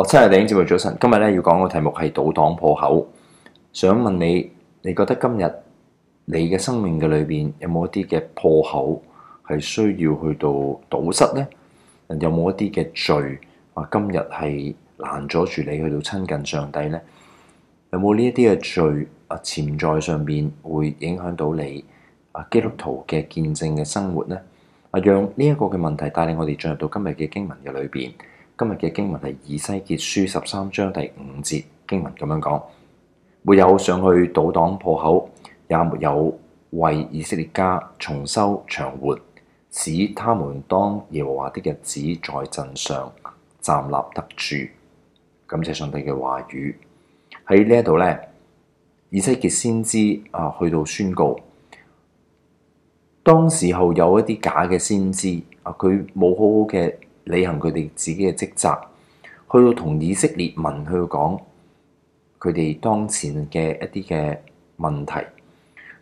我、哦、七日領教節目早晨，今日咧要講嘅題目係堵擋破口。想問你，你覺得今日你嘅生命嘅裏邊有冇一啲嘅破口係需要去到堵塞呢？有冇一啲嘅罪啊？今日係難阻住你去到親近上帝呢？有冇呢一啲嘅罪啊？潛在上面會影響到你啊？基督徒嘅見證嘅生活呢？啊，讓呢一個嘅問題帶領我哋進入到今日嘅經文嘅裏邊。今日嘅經文係以西結書十三章第五節經文咁樣講，沒有上去堵擋破口，也沒有為以色列家重修牆垣，使他們當耶和華的日子在陣上站立得住。感謝上帝嘅話語喺呢一度呢，以西結先知啊去到宣告，當時候有一啲假嘅先知啊，佢冇好好嘅。履行佢哋自己嘅職責，去到同以色列民去講佢哋當前嘅一啲嘅問題。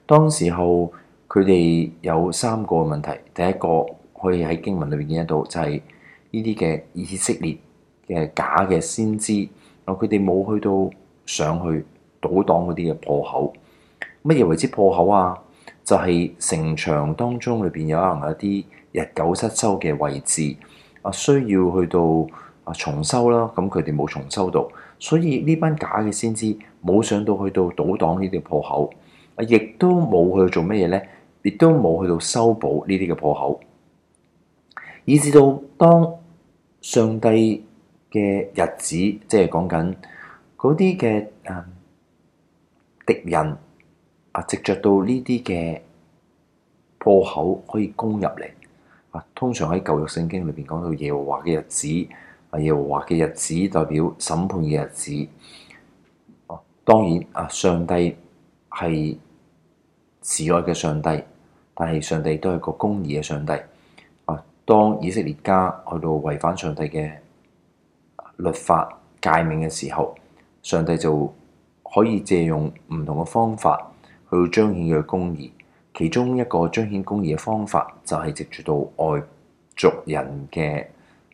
當時候佢哋有三個問題。第一個可以喺經文裏邊見到，就係呢啲嘅以色列嘅假嘅先知，佢哋冇去到上去堵擋嗰啲嘅破口。乜嘢為之破口啊？就係、是、城牆當中裏邊有可能有一啲日久失修嘅位置。需要去到啊重修啦，咁佢哋冇重修到，所以呢班假嘅先知冇上到去到堵擋呢啲破口，亦都冇去做乜嘢咧，亦都冇去到修補呢啲嘅破口，以至到當上帝嘅日子，即係講緊嗰啲嘅誒敵人啊，直着到呢啲嘅破口可以攻入嚟。通常喺舊約聖經裏邊講到耶和華嘅日子，啊耶和華嘅日子代表審判嘅日子。哦，當然啊，上帝係慈愛嘅上帝，但係上帝都係個公義嘅上帝。啊，當以色列家去到違反上帝嘅律法誡命嘅時候，上帝就可以借用唔同嘅方法去彰顯佢嘅公義。其中一個彰顯公義嘅方法，就係藉著到外族人嘅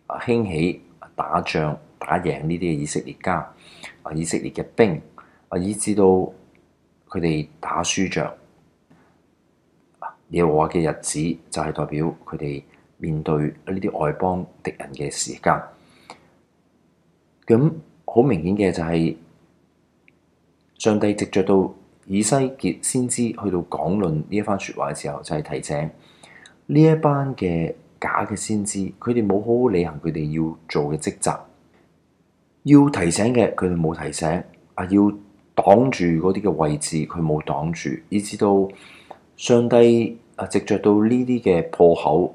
興起、打仗、打贏呢啲以色列家、以色列嘅兵，以至到佢哋打輸仗、耶和華嘅日子，就係、是、代表佢哋面對呢啲外邦敵人嘅時間。咁好明顯嘅就係、是、上帝藉著到。以西結先知去到講論呢一番說話嘅時候，就係提醒呢一班嘅假嘅先知，佢哋冇好好履行佢哋要做嘅職責，要提醒嘅佢哋冇提醒啊，要擋住嗰啲嘅位置，佢冇擋住，以至到上帝啊藉着到呢啲嘅破口，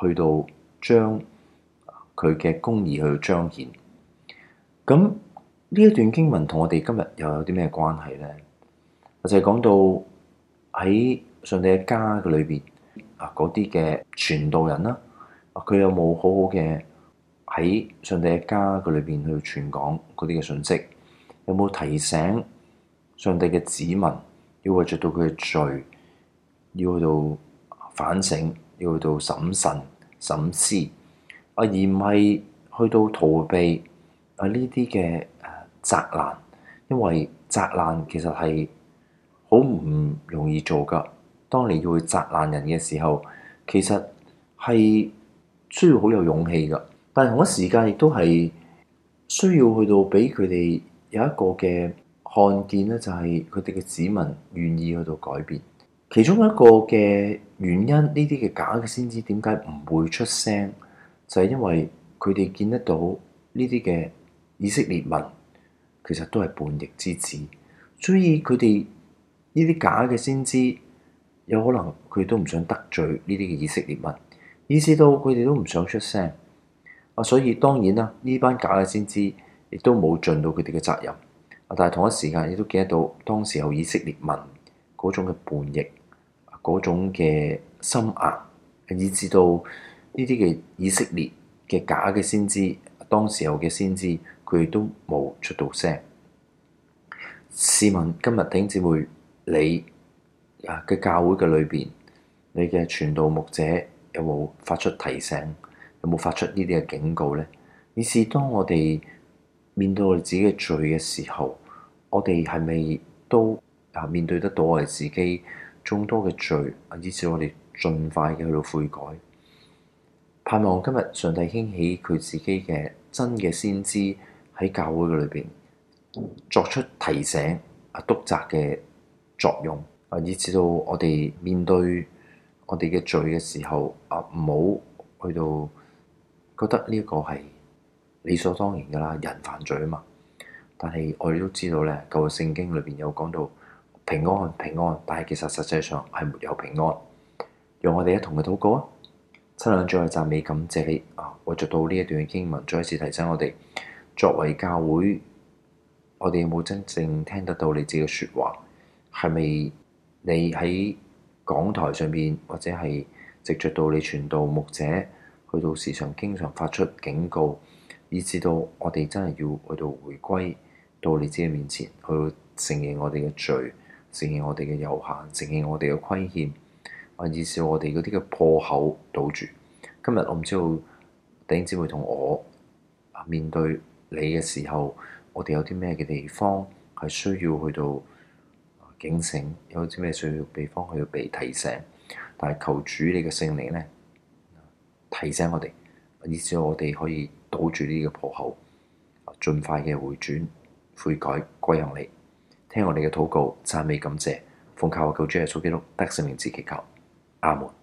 去到將佢嘅公義去彰顯，咁。呢一段經文同我哋今日又有啲咩關係呢？就係講到喺上帝嘅家嘅裏邊啊，嗰啲嘅傳道人啦，佢有冇好好嘅喺上帝嘅家嘅裏邊去傳講嗰啲嘅信息？有冇提醒上帝嘅子民要去做到佢嘅罪，要去到反省，要去到審慎、審思啊，而唔係去到逃避啊呢啲嘅。責難，因為責難其實係好唔容易做㗎。當你要去責難人嘅時候，其實係需要好有勇氣㗎。但係同一時間亦都係需要去到俾佢哋有一個嘅看見咧，就係佢哋嘅子民願意去到改變。其中一個嘅原因，呢啲嘅假嘅先知點解唔會出聲，就係、是、因為佢哋見得到呢啲嘅以色列民。其實都係叛逆之子，所以佢哋呢啲假嘅先知，有可能佢都唔想得罪呢啲嘅以色列民，以至到佢哋都唔想出聲。啊，所以當然啦，呢班假嘅先知亦都冇盡到佢哋嘅責任。啊，但係同一時間亦都記得到，當時候以色列民嗰種嘅叛逆，嗰種嘅心壓，以至到呢啲嘅以色列嘅假嘅先知，當時候嘅先知。佢都冇出到聲。試問今日弟兄姊妹，你啊嘅教會嘅裏邊，你嘅傳道牧者有冇發出提醒？有冇發出呢啲嘅警告呢？以是當我哋面對我哋自己嘅罪嘅時候，我哋係咪都啊面對得到我哋自己眾多嘅罪，以至我哋儘快嘅去到悔改，盼望今日上帝興起佢自己嘅真嘅先知。喺教會嘅裏邊作出提醒啊、督責嘅作用啊，以至到我哋面對我哋嘅罪嘅時候啊，唔好去到覺得呢一個係理所當然㗎啦。人犯罪啊嘛，但係我哋都知道咧，舊嘅聖經裏邊有講到平安平安，但係其實實際上係沒有平安。讓我哋一同去禱告啊，親愛嘅主讚美感謝你啊！我讀到呢一段嘅經文，再一次提醒我哋。作為教會，我哋有冇真正聽得到你自己嘅説話？係咪你喺講台上面，或者係直接到你傳道牧者去到時常經常發出警告，以至到我哋真係要去到回歸到你自己面前，去承認我哋嘅罪，承認我哋嘅有限，承認我哋嘅虧欠，甚至要我哋嗰啲嘅破口堵住？今日我唔知道頂姊妹同我面對。你嘅時候，我哋有啲咩嘅地方係需要去到警醒，有啲咩需要地方去要被提醒，但係求主你嘅聖靈呢提醒我哋，以至我哋可以堵住呢個破口，儘快嘅回轉悔改歸向你。聽我哋嘅禱告，讚美感謝，奉靠我救主耶穌基督，得勝名字祈求。阿門。